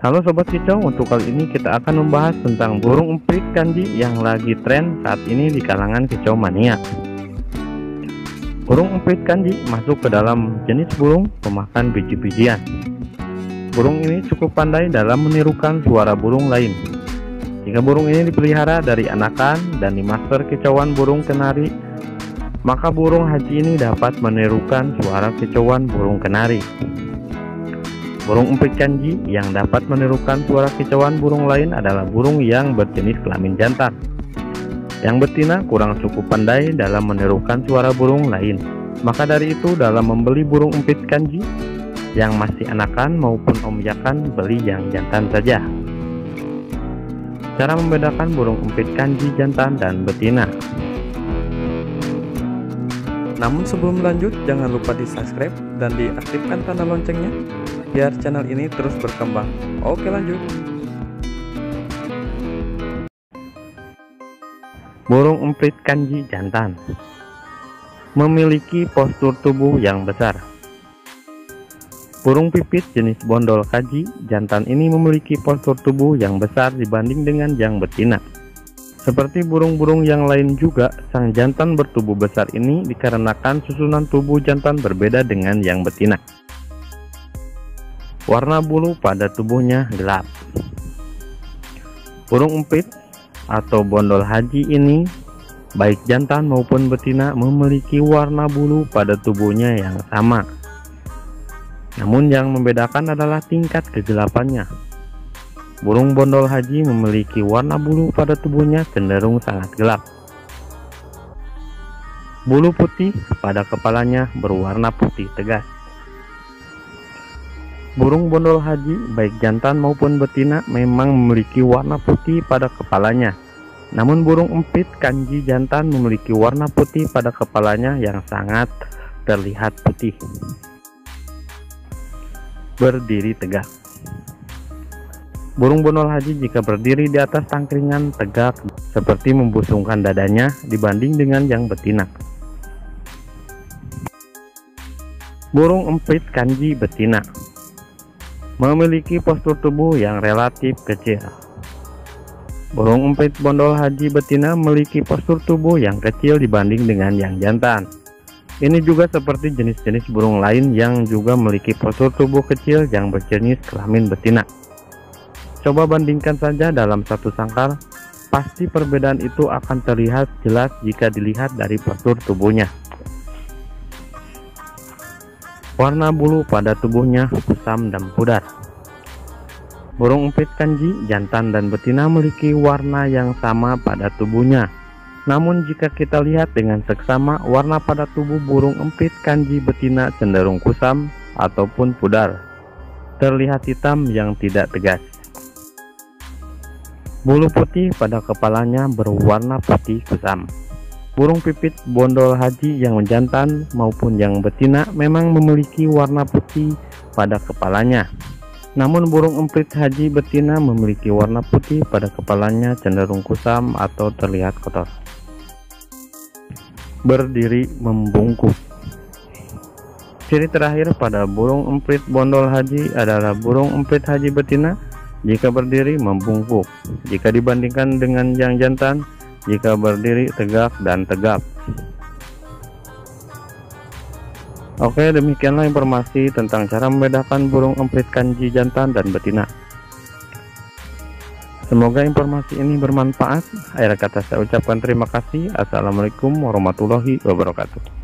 Halo Sobat Cicau, untuk kali ini kita akan membahas tentang burung emprit kanji yang lagi tren saat ini di kalangan Cicau mania. Burung emprit kanji masuk ke dalam jenis burung pemakan biji-bijian. Burung ini cukup pandai dalam menirukan suara burung lain. Jika burung ini dipelihara dari anakan dan dimaster kecauan burung kenari, maka burung haji ini dapat menirukan suara kecauan burung kenari. Burung empik canji yang dapat menirukan suara kicauan burung lain adalah burung yang berjenis kelamin jantan. Yang betina kurang cukup pandai dalam menirukan suara burung lain. Maka dari itu dalam membeli burung empit kanji yang masih anakan maupun omjakan beli yang jantan saja. Cara membedakan burung empit kanji jantan dan betina. Namun sebelum lanjut jangan lupa di subscribe dan diaktifkan tanda loncengnya biar channel ini terus berkembang. Oke lanjut. Burung emprit kanji jantan memiliki postur tubuh yang besar. Burung pipit jenis bondol kaji jantan ini memiliki postur tubuh yang besar dibanding dengan yang betina. Seperti burung-burung yang lain juga, sang jantan bertubuh besar ini dikarenakan susunan tubuh jantan berbeda dengan yang betina. Warna bulu pada tubuhnya gelap. Burung empit atau bondol haji ini baik jantan maupun betina memiliki warna bulu pada tubuhnya yang sama. Namun yang membedakan adalah tingkat kegelapannya. Burung bondol haji memiliki warna bulu pada tubuhnya cenderung sangat gelap. Bulu putih pada kepalanya berwarna putih tegas. Burung bondol haji, baik jantan maupun betina, memang memiliki warna putih pada kepalanya. Namun burung empit kanji jantan memiliki warna putih pada kepalanya yang sangat terlihat putih. Berdiri tegak. Burung bondol haji jika berdiri di atas tangkringan tegak seperti membusungkan dadanya dibanding dengan yang betina. Burung empit kanji betina memiliki postur tubuh yang relatif kecil. Burung empit bondol haji betina memiliki postur tubuh yang kecil dibanding dengan yang jantan. Ini juga seperti jenis-jenis burung lain yang juga memiliki postur tubuh kecil yang berjenis kelamin betina. Coba bandingkan saja dalam satu sangkar, pasti perbedaan itu akan terlihat jelas jika dilihat dari postur tubuhnya. Warna bulu pada tubuhnya kusam dan pudar. Burung empit kanji, jantan dan betina memiliki warna yang sama pada tubuhnya. Namun jika kita lihat dengan seksama, warna pada tubuh burung empit kanji betina cenderung kusam ataupun pudar. Terlihat hitam yang tidak tegas. Bulu putih pada kepalanya berwarna putih kusam. Burung pipit bondol haji yang menjantan maupun yang betina memang memiliki warna putih pada kepalanya. Namun burung emprit haji betina memiliki warna putih pada kepalanya cenderung kusam atau terlihat kotor. Berdiri membungkuk. Ciri terakhir pada burung emprit bondol haji adalah burung emprit haji betina jika berdiri membungkuk. Jika dibandingkan dengan yang jantan, jika berdiri tegak dan tegap. Oke, demikianlah informasi tentang cara membedakan burung emprit kanji jantan dan betina. Semoga informasi ini bermanfaat. Akhir kata saya ucapkan terima kasih. Assalamualaikum warahmatullahi wabarakatuh.